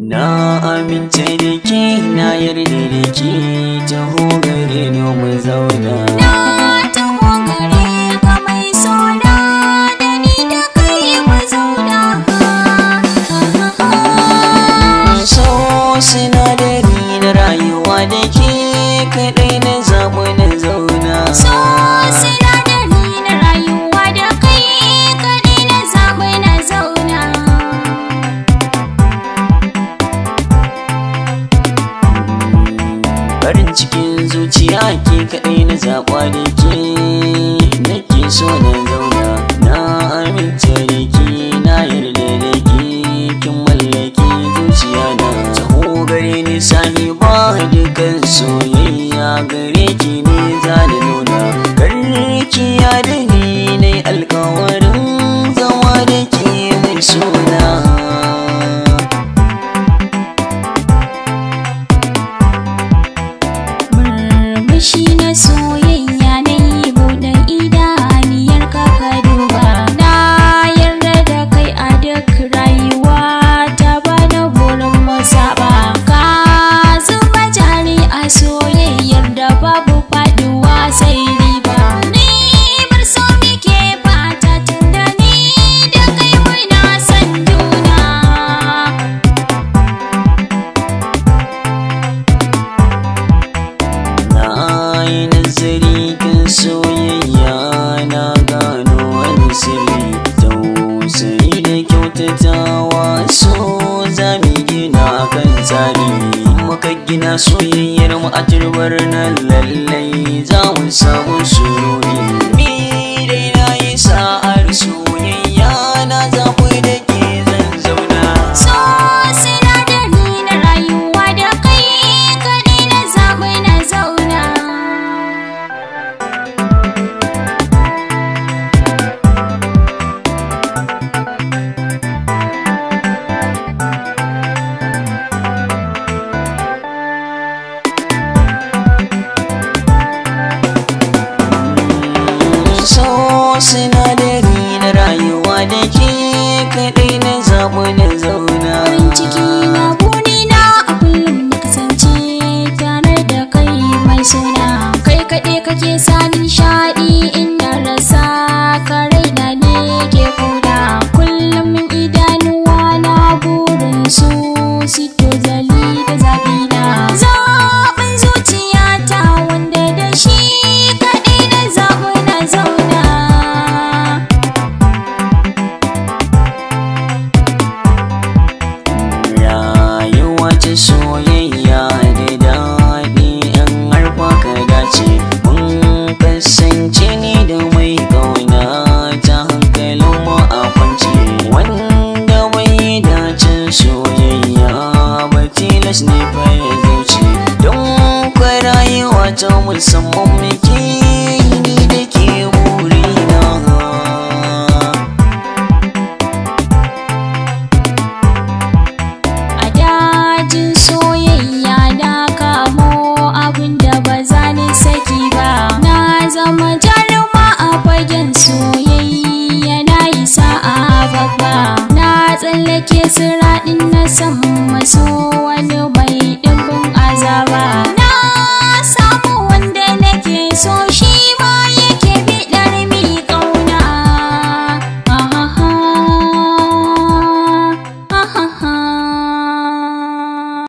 Na amince da ke na yarda da ke taho gare ni mu zauna. Na taho gare ka mai sona da ni da kai mu zauna. ke kaɗai na zaɓa da ke nake so na zauna na aminta da ke na yarda da ke kin mallaki zuciya na taho gare ni sani ba dukkan soyayya gare ki ne zalimi zalimi muka gina soyayyar mu a turbar nan lallai za mu samu sururi kashi ne fa ya zauce don kwa rayuwa ta musamman miki soul, I know.